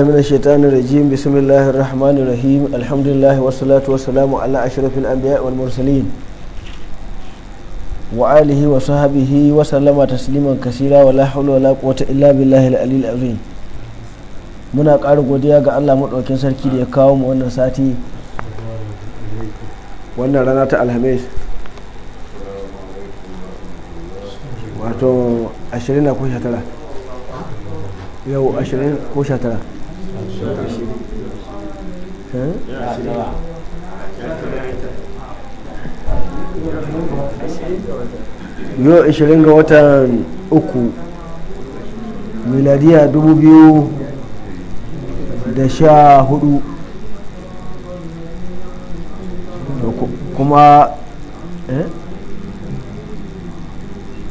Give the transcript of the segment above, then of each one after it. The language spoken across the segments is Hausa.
من الشيطان الرجيم بسم الله الرحمن الرحيم الحمد لله والصلاة والسلام على أشرف الأنبياء والمرسلين وآله وصحبه وسلم تسليما كثيرا ولا حول ولا قوة إلا بالله العلي العظيم من ƙara godiya ga Allah maɗaukin sarki da ya kawo mu wannan sati wannan rana ta alhamis يو أشرين أكوشة 19 yau 20 ga watan uku miladiya 2014 kuma eh?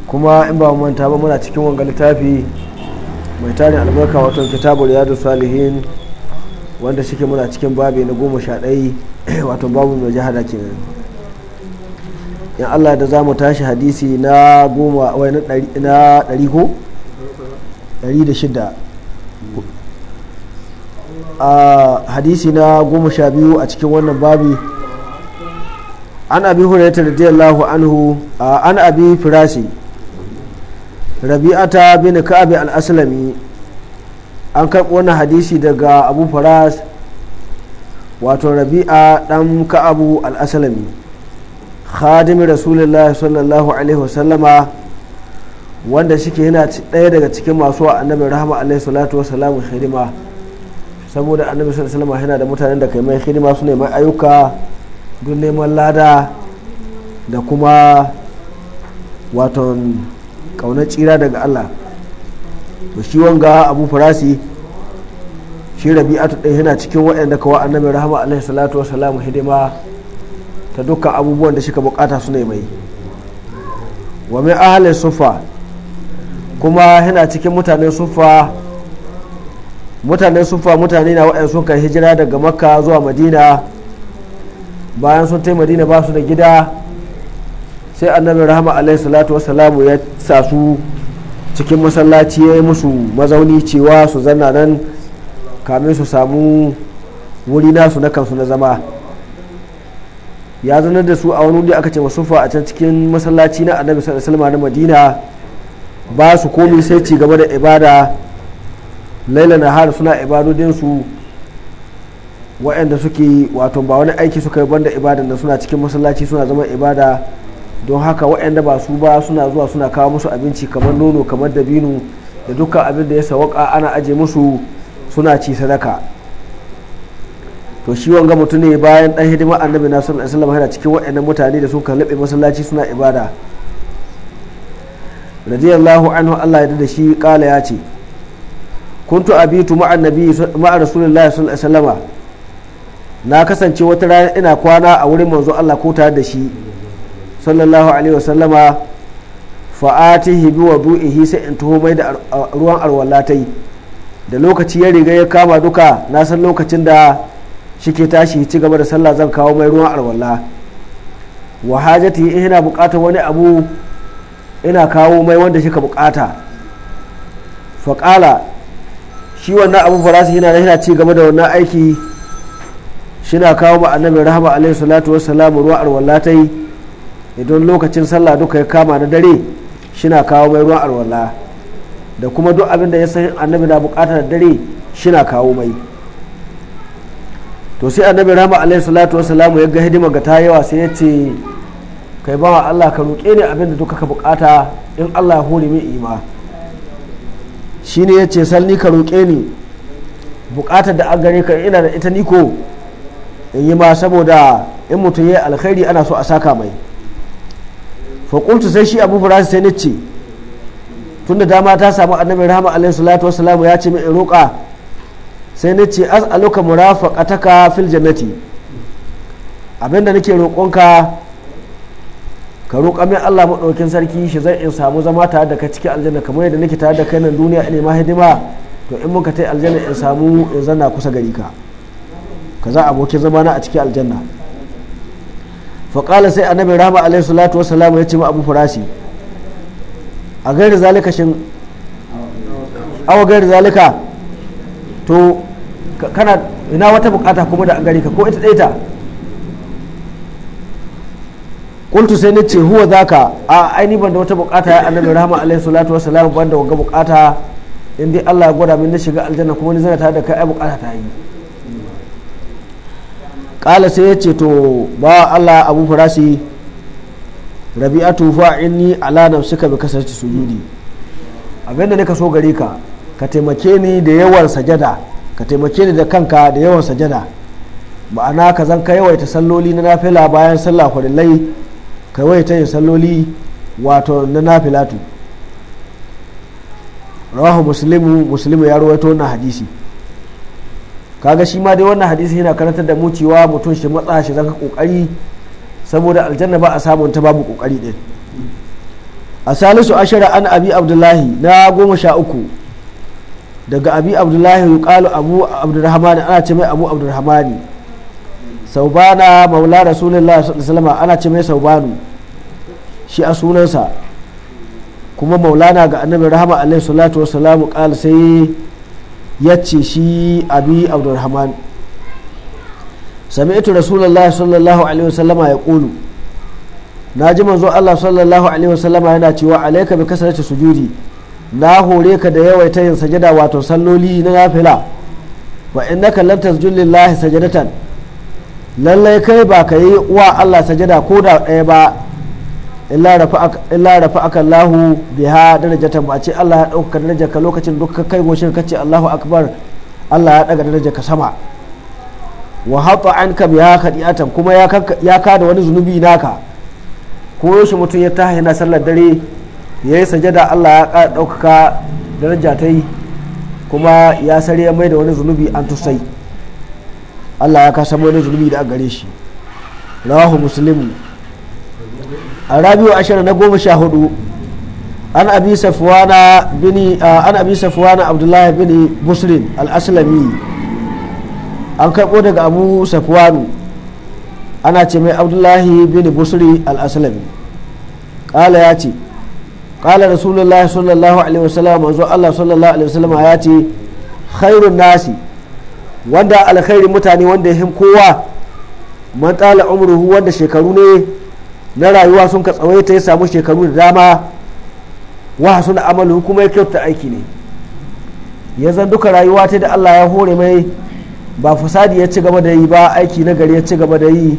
kuma in ba manta ba muna cikin wanga littafi mai tarin albarka wato kitabu riyadu salihin wanda shike muna cikin babi na goma sha ɗai wato babu mai jihada ke in allah da za mu tashi hadisi na goma wai na ɗari ko ɗari da shida a hadisi na goma sha biyu a cikin wannan babi an abi diyar lahu anhu an abi firasi rabi'ata bin ka'abi al-aslami an karɓi wani hadisi daga abu faras wato rabi'a ɗan ka'abu al-aslami khadimin rasulullahi sallallahu alaihi wasallama wanda shike yana ɗaya daga cikin masu wa annabi rahama alaihi salatu wasalamu hidima saboda annabi sallallahu alaihi yana da mutanen da kai mai hidima su ne mai ayyuka don neman lada da kuma waton kaunar tsira daga Allah to shi wanga abu farasi shi rabi rabi'atu tuɗe yana cikin waɗanda kawa annabi rahama alaihi salatu wa salamu hidima ta dukkan abubuwan da shika bukata su ne mai wa min ahli sufa kuma yana cikin mutanen sufa mutanen sufa mutane na waɗanda sun kai hijira daga makka zuwa madina bayan sun tai madina ba su da gida sai annabi rahama alaihi salatu wasalamu ya sa su cikin masallaci ya yi musu mazauni cewa su zanna nan kamin su samu wuri nasu na kansu na zama ya zanar da su a wani wuri aka ce masufa a can cikin masallaci na annabi sallallahu na madina ba su komi sai ci gaba da ibada laila na har suna ibadodinsu wa'anda suke wato ba wani aiki suka yi banda ibadan da suna cikin masallaci suna zama ibada don haka waɗanda ba su ba suna zuwa suna kawo musu abinci kamar nono kamar dabino da dukkan abin da ya sawaka ana aje musu suna ci sadaka to shi wanga mutum ne bayan ɗan hidima annabi na sallallahu alaihi wasallam yana cikin waɗannan mutane da sun kallabe masallaci suna ibada radiyallahu anhu Allah ya da shi kala ya ce kuntu abitu ma annabi ma rasulullahi sallallahu alaihi wasallam na kasance wata rana ina kwana a wurin manzo Allah ko tare da shi sallallahu alaihi wasallama fa'atihi bi wudu'ihi sai in tuho mai da ruwan arwala ta yi da lokaci ya riga ya kama duka na san lokacin da shi ke tashi ci gaba da sallah zan kawo mai ruwan arwala wa hajati in ina bukata wani abu ina kawo mai wanda ka bukata faƙala shi wannan abu su yana na ci gaba da wannan aiki shi na kawo ma annabi rahama alaihi salatu wassalamu ruwan arwala ta yi idan lokacin sallah duka ya kama na dare shina kawo mai ruwan alwala da kuma duk abin da ya san annabi na bukatar dare shina kawo mai to sai annabi rama alaihi salatu wasalamu ya ga hidima ga ta yawa sai ya ce kai wa Allah ka roƙe ni abin da duka ka bukata in Allah ya hori min ima shine ya ce salni ka roƙe ni bukatar da an gare ka ina da ita niko in yi ma saboda in mutum ya alkhairi ana so a saka mai fakultu sai shi abu furasu sai ni ce tun da dama ta samu annabi rahama alaihi salatu wasalamu ya ce min in roƙa sai ni ce as'aluka murafaqataka fil jannati abinda nake roƙonka ka roƙa min Allah maɗaukin sarki shi zai in samu zama tare da ka ciki aljanna kamar yadda nake tare da kai nan duniya ina ma hidima to in muka tai aljanna in samu in zanna kusa gari ka kaza abokin zama na a cikin aljanna faƙala sai annabi rahama alaihi salatu salamu ya ce ma abu farashi a gari zalika shin awa gari zalika to kana ina wata bukata kuma da gari ka ko ita ɗaya kuntu sai na ce huwa zaka a aini ban da wata bukata ya annabi rahama alaihi salatu wasalam ban banda wanga bukata in dai Allah ya gwada min na shiga aljanna kuma ni zana tare da kai ai bukata ta yi kala sai ya ce to ba Allah abu farasi rabi'atu fa'inni ala nafsika bi kasarci sujudi abinda nika so gare ka ka taimake ni da yawan sajada ka taimake ni da kanka da yawan sajada ma'ana ka zan ka yawaita salloli na nafila bayan sallah farillai ka yawaita yin salloli wato na nafilatu rawahu muslimu muslimu ya rawaito wannan hadisi kaga shi ma dai wannan hadisi yana karantar da mu cewa mutum shi matsa shi zaka kokari saboda aljanna ba a samun ta babu kokari din a salisu ashara an abi abdullahi na goma sha uku daga abi abdullahi yuqalu abu abdurrahman ana ce mai abu abdurrahman saubana maula rasulullahi sallallahu alaihi ana ce mai saubanu shi a sunansa kuma maulana ga annabi rahama alaihi salatu wassalamu qala sai ya ce shi abi abdurrahman sami'tu rasulullah sallallahu alaihi wasallama ya kulu na ji manzo Allah sallallahu alaihi wasallama yana cewa alaika bi kasarati sujudi na hore ka da yawaita yin sajada wato salloli na nafila wa innaka lam tasjud lillahi sajadatan lallai kai ba ka yi wa Allah sajada ko da ɗaya ba illa rafa aka Allahu biha darajatan ba ce Allah ya dauka darajarka lokacin duk kai goshin kace Allahu akbar Allah ya daga darajarka sama wa hata anka biha khadi'atan kuma ya ka kada wani zunubi naka ko yaushe mutum ya tashi yana sallar dare yi sajada Allah ya ƙara ɗaukaka daraja ta yi kuma ya sare mai da wani zunubi an tusai Allah ya kasa wani zunubi da a gare shi rawahu muslimu rabiu ashirin na goma sha hudu an abi safuwana bini an abi safuwana abdullahi bini muslim al-aslami an karbo daga abu safuwanu ana ce mai abdullahi bini busri al-aslami kala ya ce kala rasulullahi sallallahu alaihi wasallam manzo Allah sallallahu alaihi wasallam ya ce khairun nasi wanda alkhairin mutane wanda ya kowa man tala umruhu wanda shekaru ne na rayuwa sun ka tsawaita ya samu shekaru da dama wa suna amalu kuma ya kyauta aiki ne ya zan duka rayuwa ta da Allah ya hore mai ba fasadi ya ci gaba da yi ba aiki na gari ya ci gaba da yi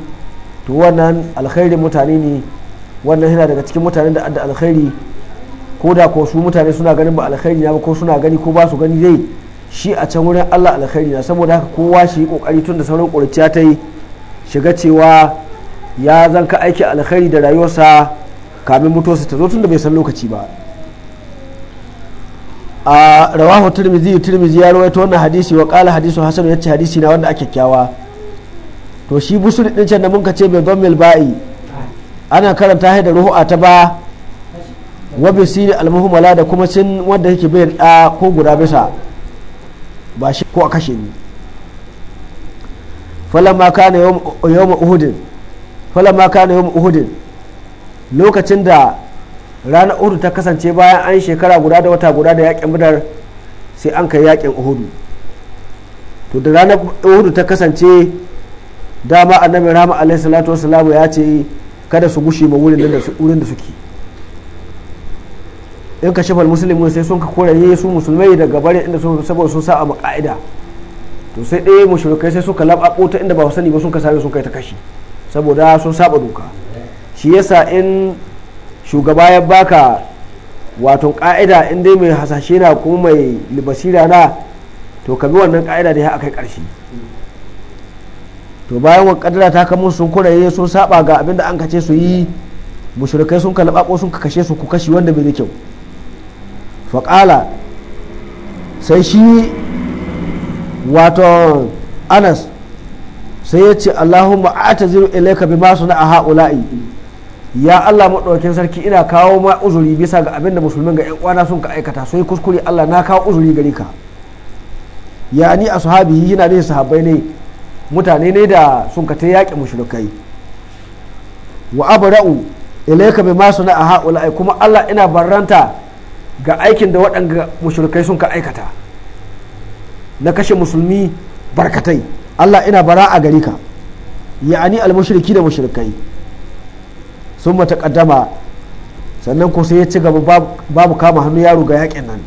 to wannan alkhairin mutane ne wannan yana daga cikin mutanen da adda alkhairi ko da ko su mutane suna ganin ba alkhairi na ba ko suna gani ko ba su gani dai shi a can wurin Allah alkhairi na saboda haka kowa shi kokari tun da sauran ƙurciya ta yi shiga cewa ya zan zanka aiki alkhairi da rayuwarsa kamin mutuwarsa ta zo tun da bai san lokaci ba a rawahu turmizi ya ya rawaito wannan hadisi wa qala hadisu hasan yace hadisi na wanda ake kyawa to shi busuri din can da mun ka ce bai mil ba'i ana karanta haida da ruhu ta ba wa bisiri almuhmala da kuma cin wanda yake bayan da ko guda bisa ba shi ko a kashe ni falamma kana yawm uhudin falamma kana yawm uhud lokacin da ranar uhud ta kasance bayan an shekara guda da wata guda da yakin badar sai an kai yakin uhud to da ranar uhud ta kasance dama annabi rahama alaihi salatu wassalamu ya ce kada su gushe ma wurin da suke in ka shafal musulmi sai sun ka koraye su musulmai daga bari inda sun saboda sun sa a maka'ida to sai ɗaya mushrikai sai suka lab'aɓo ta inda ba sani ba sun ka same sun kai ta kashi saboda sun saba doka shi yasa in shugaba ya baka wato ka'ida in dai mai hasashe na kuma mai libasira na to ka bi wannan ka'ida da ya kai karshe to bayan wa kadara ta kamo sun kuraye sun saba ga abin da an kace su yi mushrikai sun kalaba ko sun kashe su ku kashi wanda bai da kyau faƙala sai shi wato anas sai ya ce Allahumma ilaika bi masu suna a ha'ula'i ya Allah maɗaukin sarki ina kawo ma uzuri bisa ga abinda da musulmin ga 'yan uwana sun ka aikata sai kuskure Allah na kawo uzuri gari ka ya ni a ashabi yana ne sahabbai ne mutane ne da sun ka ta yaƙi mushrikai wa abra'u bi masu suna a ha'ula'i kuma Allah ina barranta ga aikin da waɗanda mushrikai sun ka aikata na kashe musulmi barkatai Allah ina bara a gari ka ya'ani almushriki da mushrikai sun mata kaddama sannan ko sai ya ci gaba babu kama hannu yaro ga yakin nan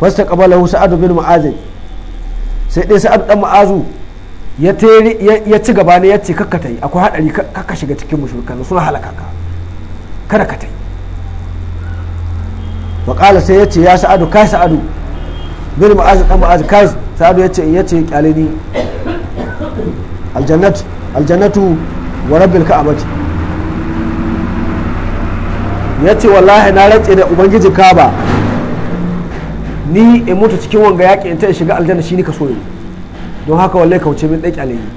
fasta hu sa'adu bin mu'azin sai dai sa'adu dan mu'azu ya ci gaba ne ya ce kakkatai akwai hadari kakka shiga cikin mushrikan suna halaka ka kada ka tai fa qala sai ya ce ya sa'adu kai sa'adu bin mu'azin dan mu'azin kai sa'adu yace ce kyale ni kyalini aljannatu wa rabbil ka'abati ce wallahi na rantse da ubangiji kaba ni in mutu cikin wanga yaƙi in ta in shiga aljanna shi ni ka so don haka wallahi kauce min ɗan kyalini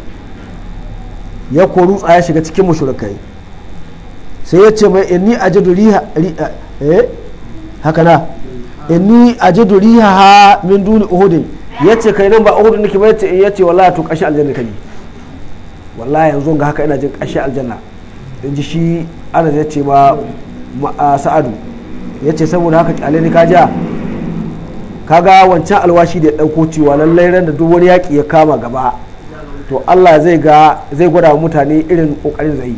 ya ko rutsa ya shiga cikin mushrikai sai ya ce mai inni a riha eh haka na inni ajidu riha min duni uhudin ya ce kai nan ba uhudu nake ba ya ce eh, wallahi to kashi aljanna kai wallahi yanzu ga haka ina jin kashi aljanna in ji shi ana ya ce ba sa'adu ya ce saboda haka kyale ni kaja kaga wancan alwashi da ya dauko cewa lallai ran da duk wani yaki ya kama gaba to Allah zai ga zai gwada mutane irin kokarin zai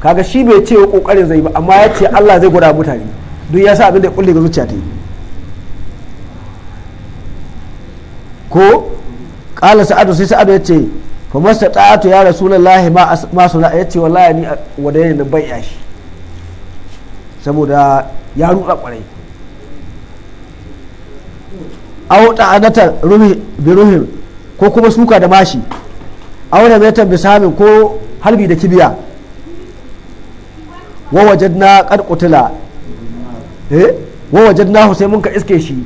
kaga shi bai ce kokarin zai ba amma ya ce Allah zai gwada mutane duk ya sa abin da ya kulle ga zuciya ta yi ko ƙala sa'adu sai sa'adu ya ce fa masta ta'atu ya rasulullahi ma suna ya ce wallahi ni wadayen nan bai yashi saboda ya ruɗa ƙwarai au ta'anatar bi ruhin ko kuma suka da mashi au da metan bisamin ko halbi da kibiya wa wajadna qad qutila eh wa wajadnahu sai mun ka iske shi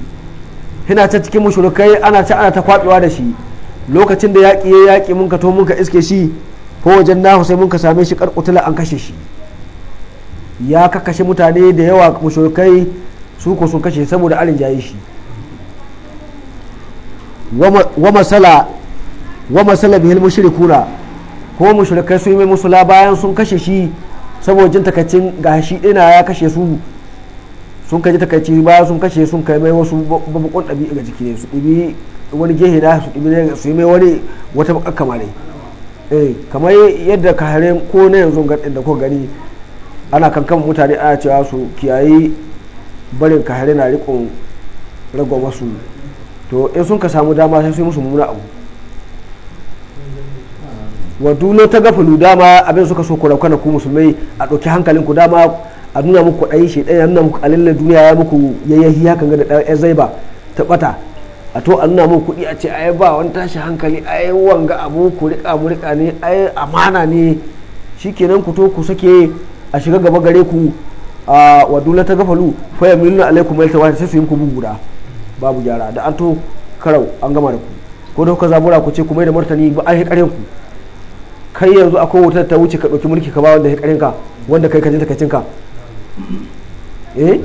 yana ta cikin mushrikai ana ta ana ta kwabewa da shi lokacin da yaƙi ya yaƙi mun ka to mun ka iske shi ko wajen nahu sai mun ka same shi karkutula an kashe shi ya kashe mutane da yawa mushrikai su ko sun kashe saboda alin jayi shi wa masala wa masala bihil mushrikuna ko mushrikai sun yi mai musula bayan sun kashe shi saboda jin takacin gashi ɗina ya kashe su sun kai takaici ba sun kashe sun kai mai wasu babakon ɗabi'a ga jiki ne su ɗibi wani gehe na su ɗibi su yi mai wani wata bakar kama ne eh kamar yadda ka hare ko na yanzu da ko gani ana kankan mutane ana cewa su kiyayi barin ka hare na rikon ragwa masu to in sun ka samu dama sai su yi musu mummuna abu wa dulo ta gafalu dama abin suka so ku na ku musulmai a ɗauki hankalinku dama a nuna muku ɗayi shi ɗaya nuna muku alilla duniya ya muku yayyahi hakan ga da ɗan zai ba ta ɓata a to an nuna muku kuɗi a ce ai ba wani tashi hankali ai wanga abu ku riƙa mu riƙa ne ai amana ne shikenan ku to ku sake a shiga gaba gare ku a wadula ta gafalu fa yamiluna alaikum mai tawata sai su yi ku guda babu gyara da an to karau an gama da ku ko da kuka zabura ku ce kuma da martani ba ai ƙaryan ku kai yanzu akwai wutar ta wuce ka ɗauki mulki ka ba wanda ya ka wanda kai ka ji takaicin ka eh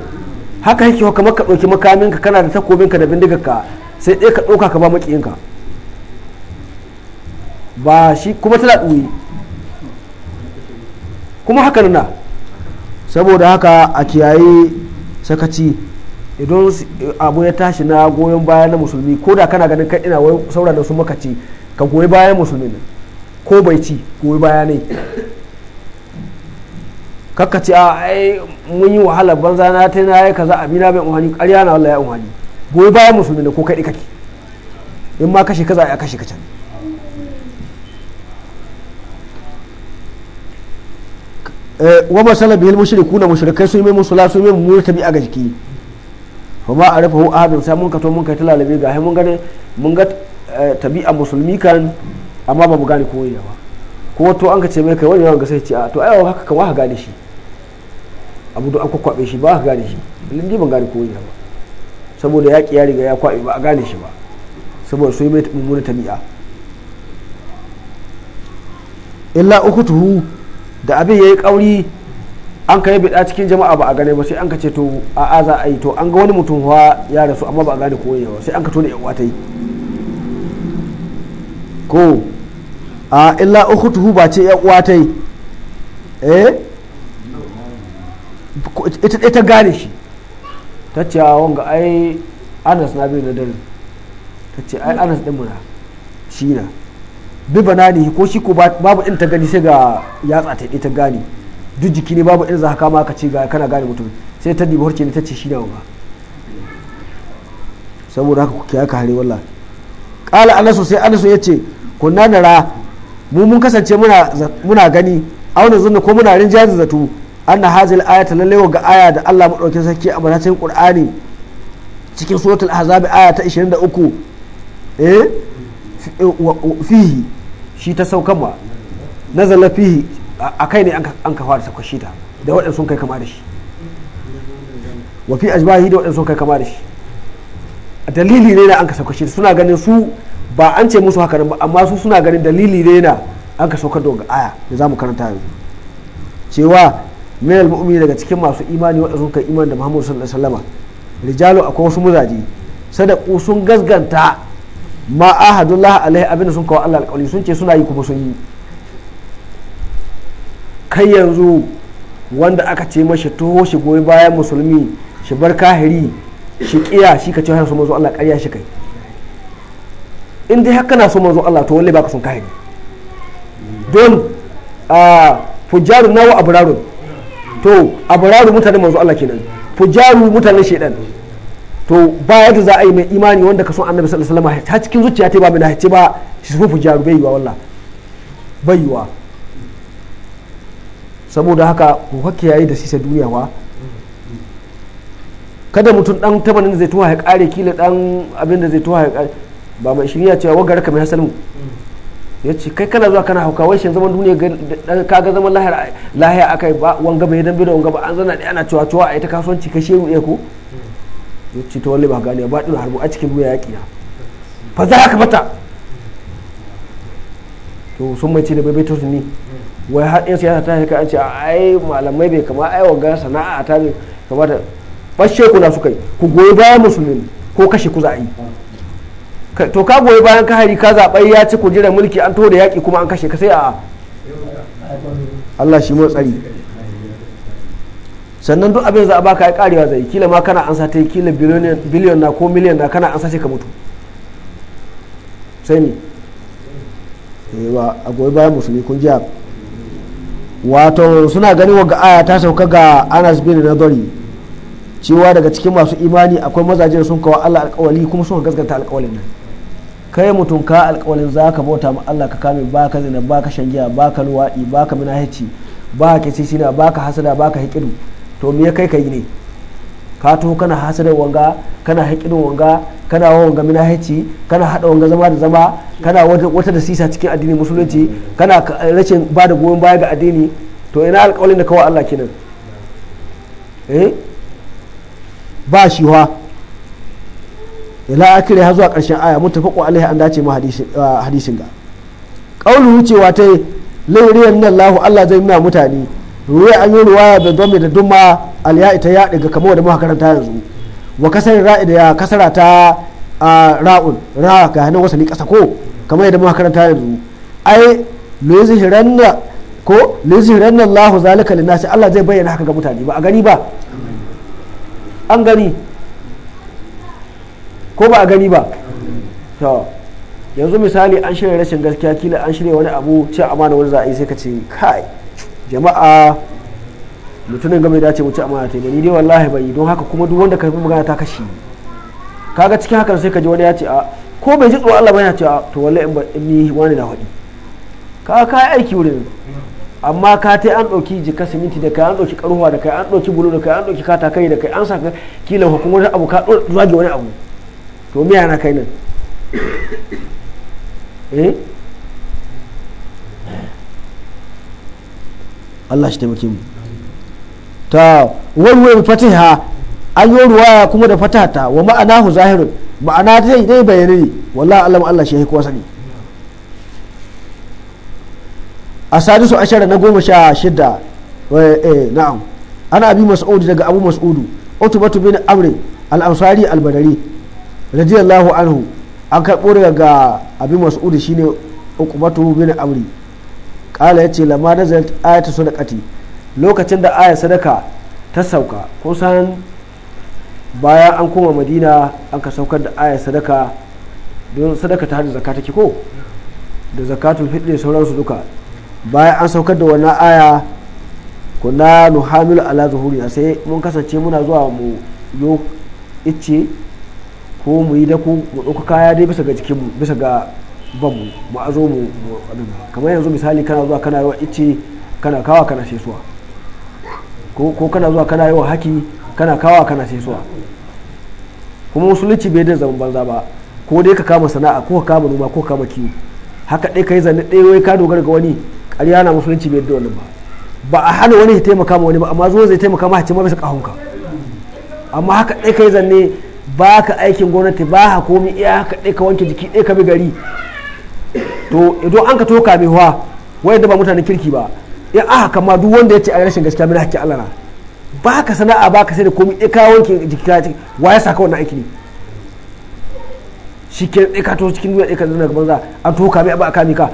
haka yake kamar ka ɗauki ka kana da takobinka da bindigarka sai ɗaya ka ɗauka ka ba maƙiyinka ba shi kuma tana ɗuyi kuma haka na saboda haka a kiyaye sakaci idan abu ya tashi na goyon baya na musulmi ko da kana ganin kai ina wai saura da su makaci ka goyi bayan musulmi ko bai ci goyi baya ne kakka ce a ah, mun yi wahalar banza na ta na yi kaza abina bai umarni ƙarya na wallahi ya umarni goyi bayan musulmi da ko kai kake in ma kashe kaza ya kashe ka can eh, wa masala bihil mushriku na mushrikai su mai musula su mai murtabi a jiki fa ma arafahu ahadun sai mun kato mun kai ta lalabe ga mun gane mun ga eh, tabi'a musulmi kan amma ba mu gane ko ba ko to an ka ce mai kai wani yawan gasar sai ce a to ai haka kan wa gane shi abu da aka kwabe shi ba a gane shi lindi ban gane kowa ba saboda ƙi ya riga ya kwabe ba a gane shi ba saboda su yi mai mummuna tabi'a illa uku tuhu da abin ya yi ƙauri an ka yi biɗa cikin jama'a ba a gane ba sai an ka ce to a a za a yi to an ga wani mutum wa ya rasu amma ba a gane koyi ba sai an ka tona yan wata yi ko a illa uku tuhu ba ce yan wata yi eh ita ɗaya ta gane shi ta ce a wanga ai anas na biyu na dare ta ce ai anas ɗin muna shi na bi ne ko shi ko babu in ta gani sai ga yatsa ta ta gane duk jiki ne babu in za ka ma ka ce ga kana gane mutum sai ta dibi harce ne ta ce shi na wanga saboda haka kuke haka hare wallah kala anasu sai anasu ya ce kunna nara mu mun kasance muna gani auna zunna ko muna da zato anna hazil ayata lalle ga aya da Allah madaukakin sarki a banatin qur'ani cikin suratul ahzab aya ta 23 eh, eh fihi shi ta saukan ma nazala fihi akai ne an ka fara sakwashi ta da waɗanda sun kai kama da shi wa fi ajbahi da waɗanda sun kai kama da shi dalili ne na an ka sakwashi suna ganin su ba an ce musu haka ba amma su suna ganin dalili ne na an ka saukar da aya da zamu karanta yanzu cewa min al-mu'mini daga cikin masu imani wanda sun kai imani da Muhammadu sallallahu alaihi wasallam rijalu akwai wasu muzaji sadaku sun gasganta ma ahadullah alaihi abin sun kawo Allah alƙawari sun ce suna yi kuma sun yi kai yanzu wanda aka ce mashi toho shi goyi bayan musulmi shi bar kahiri shi kiya shi ka ce har su Allah ƙarya shi kai in dai haka na so manzo Allah to wallahi baka sun kahiri don a ah, fujjaru nawa abrarun to abraru mutanen manzo Allah kenan fujaru mutanen shedan to ba yadda za a yi mai imani wanda ka so annabi sallallahu alaihi wasallam ta cikin zuciya ta ba mai nahace ba shi su fujaru bai yiwa wallah bai yiwa saboda haka ku hakke yayi da sisa duniya wa kada mutum dan tabanin da zai tuwa ya kare kila dan abin da zai tuwa ya kare ba mai shirya cewa wagar mai hasalmu ya ce kai kana zuwa kana hauka wai shin zaman duniya ga zaman lahiya aka yi ba wanga bai dambe da wanga ba an zana da ana cewa cewa a ita kasuwanci ka shehu ɗaya ko ya ce ta wani ba gani ba ɗin harbu a cikin ruwa yaƙi na fa za ka bata to sun mai ce da bai bai ni wai har yan siyasa ta shaka an ce ai malamai bai kama ai wanga sana'a ta bai kamata bashe kuna suka yi ku goyi bayan musulmi ko kashe ku za a yi to ka goyi bayan ka hari ka zaɓa ya ci kujerar mulki an to da yaƙi kuma an kashe ka sai a Allah shi tsari. sannan duk abin za a baka ya karewa zai kila ma kana ansa ta kila biliyon na ko miliyan na kana ansa ce ka mutu sai ne yawa eh, a goyi bayan musulmi kun jiya wato suna ganin wa aya ta sauka ga anas bin nadari cewa daga cikin masu imani akwai mazajen sun kawo allah alkawali kuma sun gaskata alkawalin nan kai mutum ka alƙawarin za ka bauta ma Allah ka kame ba ka zina ba ka shangiya ba ka luwaɗi ba ka mina minahici ba ka ba ka hasada ba ka hikidu to me kai ka yi ne ka to kana hasada wanga kana haƙirin wanga kana wanga mina minahici kana haɗa wanga zama da zama kana wata da sisa cikin addini musulunci kana rashin ba da goyon baya ga addini to ina alƙawarin da kawai Allah kenan eh ba shi wa ila akire har zuwa karshen aya muttafaqu alaihi an dace mu hadisin ga qaulu cewa ta lairiyan nan lahu Allah zai nuna mutane ruwa an yi ruwaya da dome da duma alya ita ya daga kamar da muka karanta yanzu wa kasar ra'i da kasara ta ra'un ra ga nan wasani kasa ko kamar yadda muka karanta yanzu ai lizihiranna ko nan lahu zalika linasi Allah zai bayyana haka ga mutane ba a gani ba an gani ko ba a gani ba to yanzu misali an shirya rashin gaskiya kila an shirya wani abu ce amana wani za a yi sai ka ce kai jama'a mutumin game da ce mu ci amana ta yi ni dai wallahi bai don haka kuma duk wanda ka magana ta kashi kaga cikin hakan sai ka ji wani ya ce a ko bai ji tsoron Allah ba ya ce a to wallahi in ni wani na faɗi ka ka aiki wurin amma ka ta an ɗauki jika siminti da kai an ɗauki karuwa da kai an ɗauki bulu da kai an ɗauki katakai da kai an sa kila hukumar abu ka zage wani abu to me yana kai nan eh? Allah shi taimake mu ta wani fatiha an yi ruwaya kuma da fatata wa ma'anahu zahirun ma'ana ta yi dai bayani ne wallah Allah Allah shi kuwa sani a sadisu ashirar na goma sha shida eh, eh, na'am ana abi mas'udu daga abu mas'udu utubatu bin amri al-ansari al-badari radiyallahu anhu an karɓo daga abin mas'udi shine hukumatu bin amri kala yace lamma su da sadaqati lokacin da aya sadaka ta sauka kusan bayan an koma madina an ka saukar da aya sadaka don sadaka ta hada zakka ko da zakatun fitr sauransu duka bayan an saukar da wannan aya kuna nuhamilu ala zuhuri sai mun kasance muna zuwa mu yo ice ko mu yi daku, mu ɗauka kaya dai bisa ga jikin bisa ga babu mu a zo mu abin kamar yanzu misali kana zuwa kana yawa ice kana kawa kana sesuwa ko kana zuwa kana yawa haki kana kawa kana sesuwa kuma musulunci bai da zaman banza ba ko dai ka kama sana'a ko ka kama noma ko ka kama kiwo haka dai ka yi zane ɗaya wai ka dogara ga wani ƙarya na musulunci bai da wannan ba ba a hana wani ya taimaka ma wani ba amma zuwa zai taimaka ma hace ma bisa ƙahonka amma haka dai ka yi zanne ba ka aikin gwamnati ba ha komi iya haka ɗai ka wanke jiki ɗai ka bi gari to idan an ka toka mai wa da ba mutanen kirki ba ya aka kama duk wanda ya ce a rashin gaskiya mai hakki Allah na ba ka sana'a ba ka sai da komi ɗai ka wanke jiki ka wa ya saka wannan aiki ne shi ke ɗai ka to cikin duniya ɗai ka zana gaban za an toka mai ba a kame ka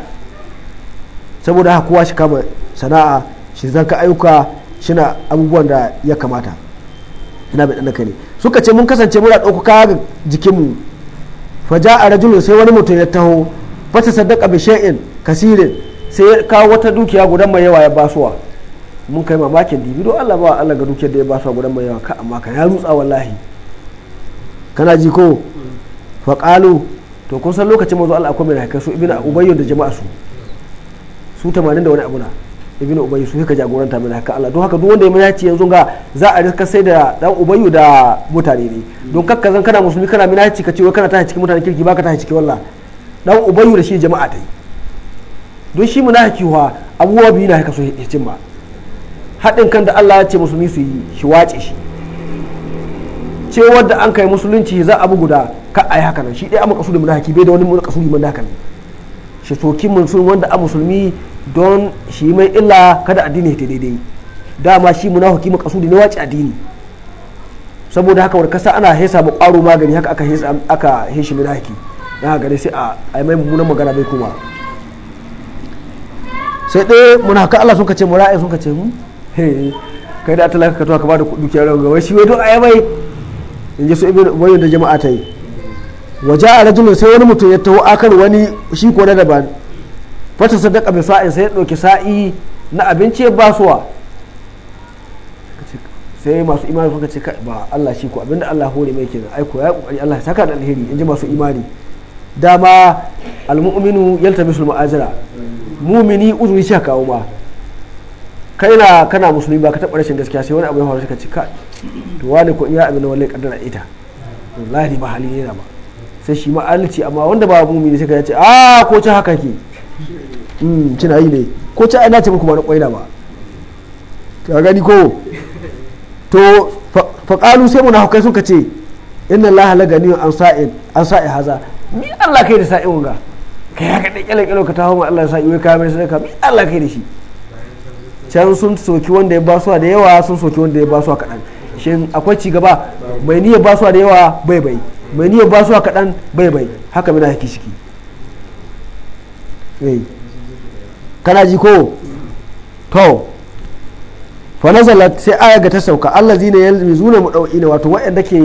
saboda haka kowa shi kama sana'a shi zanka ayyuka shina abubuwan da ya kamata ina bai ɗan ne suka ce mun kasance muna ɗauko ga jikinmu faja a rajulun sai wani mutum ya taho fata sadaka bi sha'in kasirin sai ya kawo wata dukiya gudan mai yawa ya basuwa mun kai mamakin dibi don Allah ba Allah ga dukiyar da ya basuwa gudan mai yawa ka amma ka ya rutsa wallahi kana ji ko faƙalu to kun san lokacin mazu Allah akwai mai haka su ibina ubayyu da jama'a su su tamanin da wani abu na ibn ubayyu su suka jagoranta mana haka Allah don haka duk wanda ya minaci yanzu ga za a riska sai da dan ubayyu da mutane ne don kakka zan kana musulmi kana minaci ka ce wai kana tashi cikin mutanen kirki baka tashi cikin wallah dan ubayyu da shi jama'a ta yi don shi munafiki wa abubuwa biyu na haka so ya cimma haɗin kan da Allah ya ce musulmi su yi shi wace shi ce wanda an kai musulunci za a bugu da ka ai haka nan shi dai amma kasudin munafiki bai da wani haka ne shi soki musulmi wanda a musulmi don shi mai illa kada addini ta daidai dama shi munafiki kasu da wace addini saboda haka wani kasa ana hesa ba kwaro magani haka aka hesa aka heshi daki na gare sai a ai mai mummunan magana bai kuma sai dai haka Allah sun kace mura'i sun kace mu kai da talaka ka to ka bada kudu kiyar ga wai shi wai don ayabai in ji su ibnu wayo da jama'a ta yi waje a rajulun sai wani mutum ya taho akar wani shi ko na daban fata sadaka bi sa'in sai ya ɗauki sa'i na abinci ya basuwa sai masu imani suka ce ba Allah shi ko abinda Allah hore mai kenan aiko ya kokari Allah saka da alheri inji masu imani dama almu'minu yaltabisul ma'ajira mumini uzuri shi kawo ma kai na kana musulmi ba ka taɓa rashin gaskiya sai wani abu ya faru ka ci ka to wani ko iya abin da wallahi kaddara ita wallahi ba hali ne ba sai shi ma amma wanda ba mumini sai ka yace a ah, ko ci haka ke hmm, cina yi ne ko ci ina ce muku ba na kwaila ba ka gani ko to qalu sai muna hukai sun ce inna allaha la gani an sa'id an sa'i haza mi Allah kai da sa'i wanga ka ya ka dakele kelo ka tawo mu Allah sa'i wai ka mai sadaka mi Allah kai da shi can sun soki wanda ya basuwa da yawa sun soki wanda ya basuwa kaɗan shin akwai cigaba mai niyyar basuwa da yawa bai bai mai niyyar ba su haka dan bai bai haka mina haki shiki eh. kana ji ko to fa nazalat sai aya ga ta sauka allazi ne yalmizuna mudawina wato waɗanda ke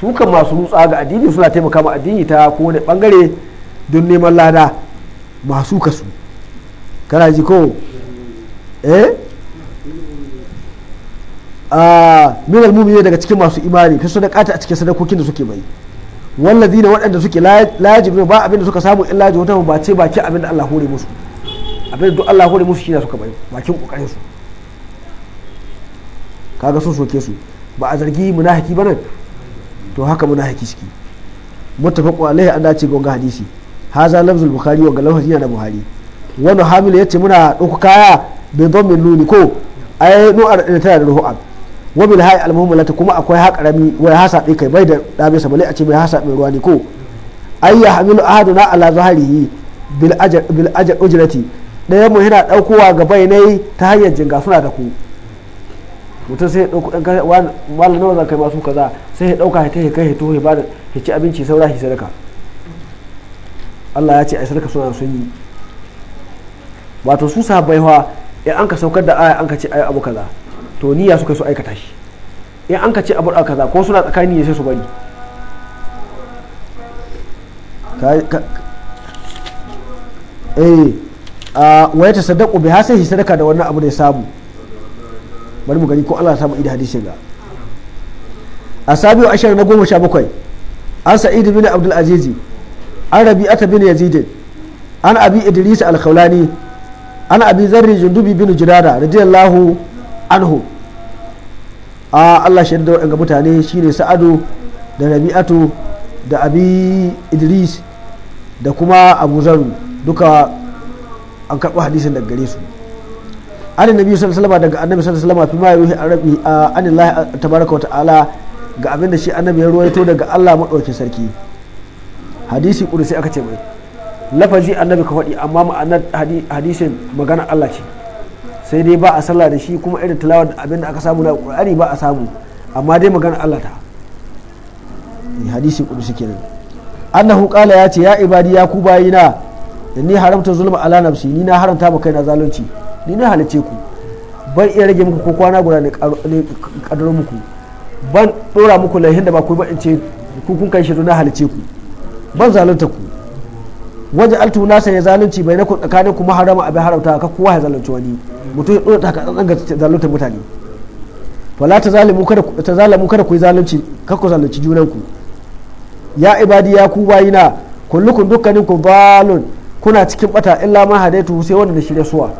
suka masu rutsa ga addini suna taimaka ma addini ta kowane bangare don neman lada masu kasu kana ji ko eh a ah, minal mumini daga cikin masu imani fi sadaqata a cikin sadakokin da suke bai wallazi ne waɗanda suke lajibi ba abinda suka samu in lajibi wata ba ce bakin abinda Allah hore musu abinda duk Allah hore musu shine suka bari bakin kokarin su kaga sun soke su ba a zargi munafiki ba nan to haka munafiki shi muttafaqu alaihi an dace gonga hadisi haza lafzul bukhari wa galafati na buhari wani hamil yace muna ɗauko kaya bai don min nuni ko ai nu'ar da tana da ruhu'ab wa hayi hayy al kuma akwai ha karami wai ha sabe kai bai da dabe sa bale a ce bai ha sabe ruwa ne ko ayya hamilu ahaduna ala zahirihi bil ajr bil ajr ujrati daya mu yana daukowa ga bainai ta hanyar suna da ku mutum sai ya dauko dan kai wala nawa zan kai masu kaza sai ya dauka ya tahi kai ya tohe ba ya ci abinci saura shi sadaka Allah ya ce ai sadaka suna sun yi wato su sahabbai fa in an ka saukar da aya an ka ce ai abu kaza to niyya suka su aikata shi in an ka ce abu da kaza ko suna tsakani ya sai su bari eh wa ya tasaddaqu bi hasihi sadaka da wannan abu da ya samu bari mu gani ko Allah ya samu idi hadisi ga asabiu ashar na goma sha bakwai an sa'id bin abdul aziz an rabi'ata bin yazid an abi idris al-khawlani an abi zarri jundubi bin jirada radiyallahu anhu a Allah shi da waɗanda mutane shine sa'adu da rabi'atu da abi idris da kuma abu zaru duka an karɓi hadisin daga gare su an nabi sallallahu alaihi daga annabi sallallahu alaihi fi ma yuhi arabi an anillahi tabaraka wa ta'ala ga abin da shi annabi ya ruwaito daga Allah madaukakin sarki hadisi sai aka ce mai lafazi annabi ka faɗi amma ma'anar hadisin magana Allah ce sai dai ba a sallah da shi kuma irin tilawa da abin da aka samu na qur'ani ba a samu amma dai magana Allah ta hadisi kudu suke nan annahu qala ya ce ya ibadi ya ku bayina ni haramta zulma ala nafsi ni na haramta ba na zalunci ni na halice ku ban iya rage muku ko kwana guda ne kadar muku ban dora muku laihin da ba ku ba in ce ku kai shi na halice ku ban zalunta ku waje altu nasa ya zalunci bai nakon tsakanin kuma harama abin harauta ka kowa ya zalunci wani mutum ya dora taka zalunta mutane wala ta zalimu kada ta yi zalunci kar zalunci junan ku ya ibadi ya ku bayina kullukun dukkanin ku balun kuna cikin bata illa ma hadaitu sai wanda da suwa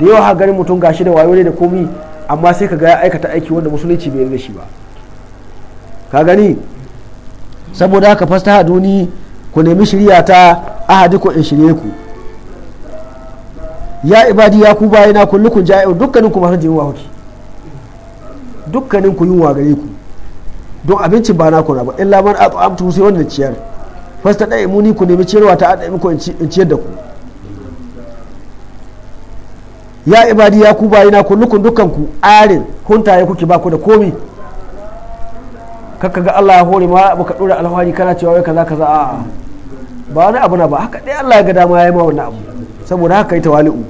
da yawa har garin mutum gashi da wayo ne da komi amma sai ka ga ya aikata aiki wanda musulunci bai yarda shi ba ka gani saboda haka fastaha haduni ku nemi shirya ta ahadi ku in shirye ku ya ibadi ya ku kullu kun ja'i dukkanin ku masu yunwa kuke dukkanin ku yunwa gare ku don abincin ba na ku na ba illa man at'amtu sai wanda ciyar fasta dai muni ku nemi ciyarwa ta adai ku in ciyar da ku ya ibadi ya ku kullu kun dukkan ku arin huntaye kuke ba ku da komi kakka ga Allah ya hore ma baka dora alhari kana cewa wai kaza kaza a'a ba wani abu na ba haka dai Allah ya ga dama ya yi ma wani abu saboda haka yi tawali'u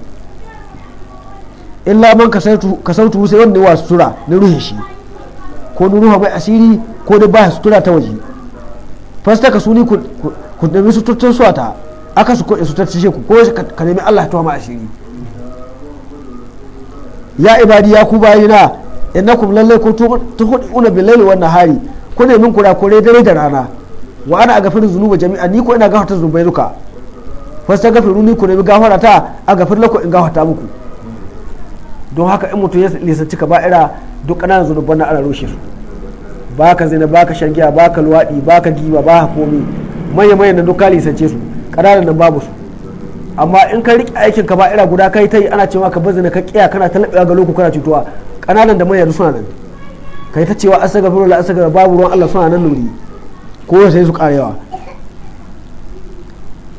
illa man kasautu sai wanda wa sutura na ruhe shi ko na ruha mai asiri ko dai ba sutura ta waje fasta ka suni ku nemi suturtun suwata aka su kuɗe suturtun ku ko ka nemi Allah ta ma asiri ya ibadi ya ku bayina innakum lallai ko hudu una laili wannan hari ku nemi min kura kore dare da rana wa ana agafirin zunuba jami'a ni ko ina gafarta zunubai duka fasta gafiru ni ku nemi gafara ta a gafir lako in gafarta muku don haka in mutum ya lisanci ka ba'ira duk ƙananan zunuban na ana rushe su baka zina baka shangiya baka luwaɗi baka giba baka komi manya manya na duka lisance su ƙananan nan babu su amma in ka riƙe aikin ka ba'ira guda kai ta yi ana cewa ka bazina ka kiya kana talabiya ga loko kana cutuwa ƙananan da manya suna nan kai ta cewa astaghfirullah astaghfirullah babu ruwan Allah suna nan nuri ko sai su karewa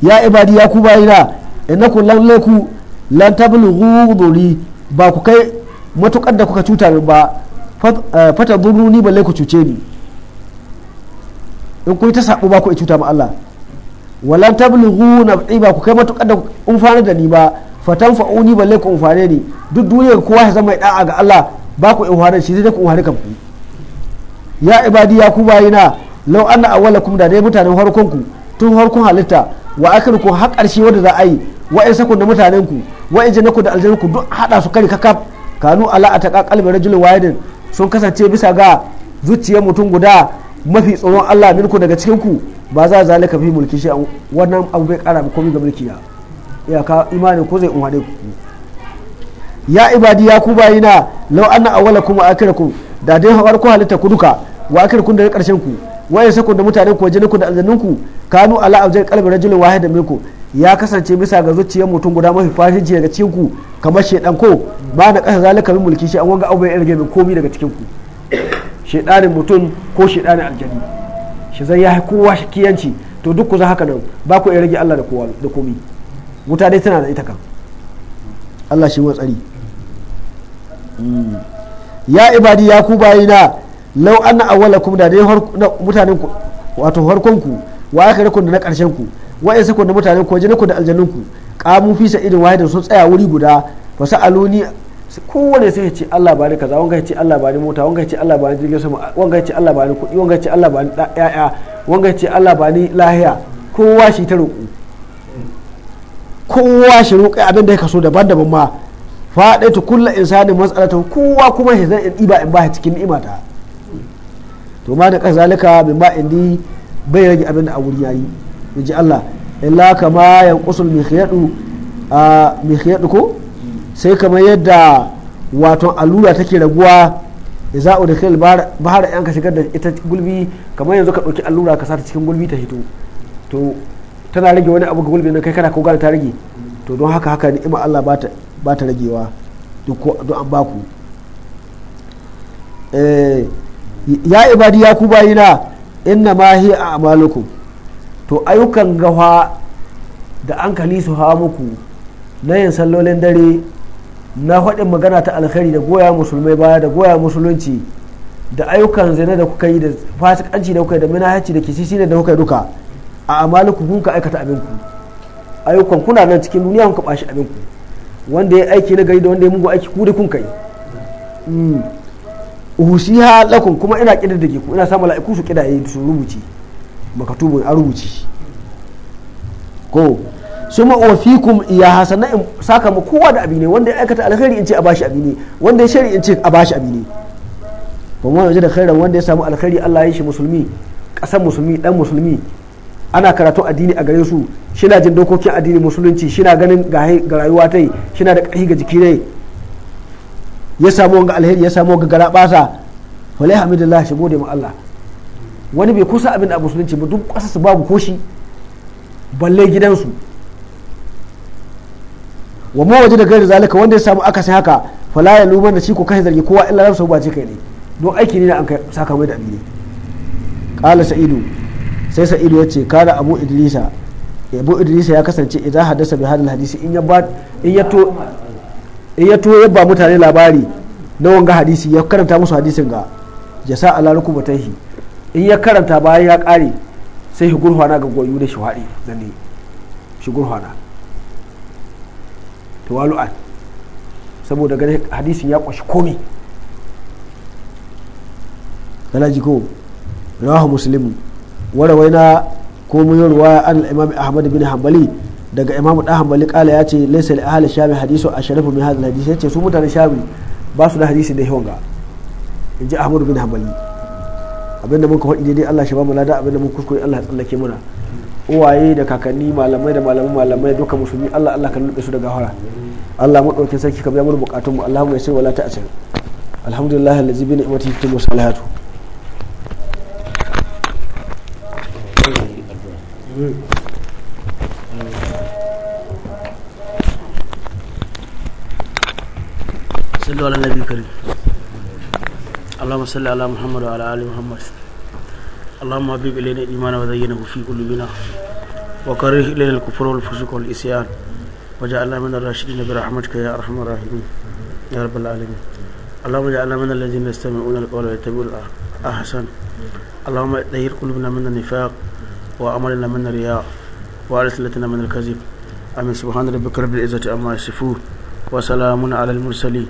ya ibadi ya ku bayina innaku lalle ku lan tabul ghuduri ba ku kai matukar da kuka cuta min ba fata ba lai ku cuce ni in ku ta sabu ba ku cuta ma Allah walan tabul ghuna ba ku kai matukar da in fara da ni ba fatan fa'uni lai ku umfane ni duk duniyar kowa ya zama da'a ga Allah ba ku in shi sai ku in kam ya ibadi ya ku bayina lau anna awwalakum da dai mutanen harkon ku tun harkon halitta wa ku har karshe wanda za a yi wa in sakun da mutanen ku wa in jinaku da aljanna ku duk hada su kari kakaf kanu ala ataqa qalbi rajulin wahidin sun kasance bisa ga zuciyar mutum guda mafi tsoron Allah minku daga cikin ku ba za zalika fi mulki shi wannan abu bai kara komai ga mulki ya ka imani ko zai umarne ku ya ibadi ya ku bayina law anna awwalakum wa ku da dai hawar ku halitta ku duka wa kun da karshen ku wayan kun da mutanen ku jininku da ku kanu ala abjal qalbi rajulin wahidin minku ya kasance bisa ga zuciyar mutum guda mafi fahimci daga cikin ku kamar shedan ko ba na kasa zalika min mulki shi an wanga abu ya rage min komi daga cikin ku shedanin mutum ko shedanin aljanni shi zai ya kowa shi kiyanci to duk ku za haka nan ba ku rage Allah da kowa da komi wuta dai tana da ita kan Allah shi tsari. Hmm. ya ibadi ya ku bayina lau an na awala kuma da dai mutanen ku wato harkon ku wa aka rikon da na karshen ku wa ya sakon da mutanen ku jinin ku da aljannun ku kamu fi sa irin wahidin sun tsaya wuri guda fa sa'aluni kowane sai ya ce Allah bani kaza wanga ya ce Allah bani mota wanga ya ce Allah bani jirgin sama wanga ya ce Allah bani kuɗi wanga ya ce Allah bani ƴaƴa wanga ya ce Allah bani lahiya kowa shi ta roƙo kowa shi roƙo abin da ya kaso daban-daban ma faɗaitu kulla insani matsalata kowa kuma ya zan in ɗiba in ba cikin ni'imata to ma da kazalika min ba indi bai rage abin da a wuri yayi inji Allah illa kama yanqusul mikhyadu a mikhyadu ko sai kama yadda wato allura take raguwa ya za a dakhil bahar yan ka shigar da ita gulbi kamar yanzu ka dauki allura ka sata cikin gulbi ta hito to tana rage wani abu ga gulbi na kai kana ko gane ta rage to don haka haka ni'ima Allah ba ta ragewa duk an baku eh, ya ibadi ya ku bayina inna ma hi a amalukum to ayyukan gawa da an kali su hawa muku na yin sallolin dare na faɗin magana ta alkhairi da goya musulmai baya da goya musulunci da ayyukan zina da kuka yi da fasikanci da kuka yi da minahaci da kisisi da kuka yi duka a amalukum kun ka aikata ku ayyukan kuna nan cikin duniya kun ka bashi ku wanda ya aiki na gari da wanda ya mugu aiki ku da kun kai ha lakum kuma ina ke ku ina sa mala'iku su kidaye su rubuce makatubun an rubuce ko su ma ofikum ya hasana in saka mu kowa da abi ne wanda ya aikata alkhairi in ce a bashi abi ne wanda ya shari in ce a bashi abi ne kuma waje da khairan wanda ya samu alkhairi Allah ya shi musulmi kasan musulmi dan musulmi ana karatu addini a gare su shi na jin dokokin addini musulunci shi na ganin ga rayuwa yi shi na da ƙahi ga jiki ne ya samu wanga alheri ya samu wanga gara basa falai hamdulillah shi gode ma Allah wani bai kusa abin da musulunci ba duk su babu koshi balle gidansu wa ma waje da gari zalika wanda ya samu aka sai haka fala ya luman da shi ko kai zargi kowa illa sa ba ce kai ne don aiki ne na an saka mai da abin ne qala sa'idu sai sa'idu ya ce kana abu idrisa ya kasance idan hadasa bi hadal hadisi in ya in ya to in ya tuwo yabba mutane labari na wanga hadisi ya karanta musu hadisin ga jasa ala batahi in ya karanta bayan ya kare sai shi gurhwana ga gwayu da shawadi zane shi gurhwana tawalu'an saboda gani hadisin ya kwashi komi kana ji ko rawahu muslim warawaina ko mun ruwa an al-imam ahmad bin hanbali daga imamu da hanbali kala ya ce laisa li ahli shabi hadisu sharafu min hadha hadisi yace su mutanen shabi ba su da hadisi da yawan ga inji ahmadu bin hanbali abinda muka faɗi daidai Allah shi ba mu lada abinda mun kuskure Allah ya tsallake muna uwaye da kakanni malamai da malamai malamai duka musulmi Allah Allah ka lulluɓe su daga hora Allah mu ɗauki sarki ka biya buƙatunmu allah mu sai walata wala can alhamdulillah allazi bi ni'matihi tutimmu tun Mm-hmm. ولا على النبي الكريم اللهم صل على محمد وعلى آل محمد اللهم حبب إلينا الإيمان وزينه في قلوبنا وكره إلينا الكفر والفسوق والإسيان وجعلنا من الراشدين برحمتك يا أرحم الراحمين يا رب العالمين اللهم اجعلنا من الذين يستمعون القول ويتبعون أحسن اللهم طهر قلوبنا من النفاق وعملنا من الرياء وارسلتنا من الكذب أمين سبحان ربك رب العزة عما يصفون وسلام على المرسلين